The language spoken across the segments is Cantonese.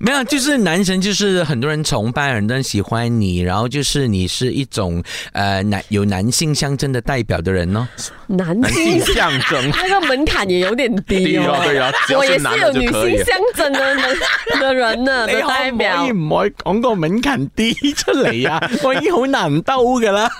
沒有，就是男神，就是很多人崇拜，很多人喜歡你，然後就是你是一種，誒、呃、男有男性象徵的代表的人咯、哦。男性象徵，呢 個門檻也有點低對哦。對啊，對啊，我也是有女性象徵的的的人呢、啊，的 代表。可以唔好講個門檻低出嚟啊，我已經好難兜噶啦。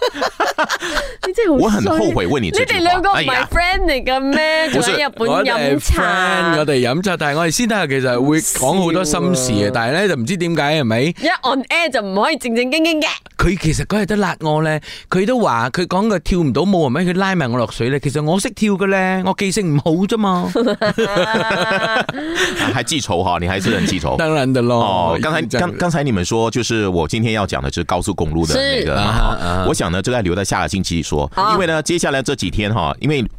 你真係，我很後悔問你。你哋兩個唔係 friend 嚟嘅咩？就喺日本飲茶，我哋飲茶，但係我哋私底下其實會講好多心思。但係咧，就唔知點解，係咪一 on air 就唔可以正正經經嘅？佢其實嗰日都揦我咧，佢都話佢講佢跳唔到舞，係咪？佢拉埋我落水咧？其實我識跳嘅咧，我記性唔好啫嘛， 還記仇哈？你還是人記仇？當然的咯。剛、哦、才、 剛才你們說，就是我今天要講的，就高速公路的、那個那個啊、我想呢，就再留在下個星期說、啊，因為呢，接下來這幾天哈，因為。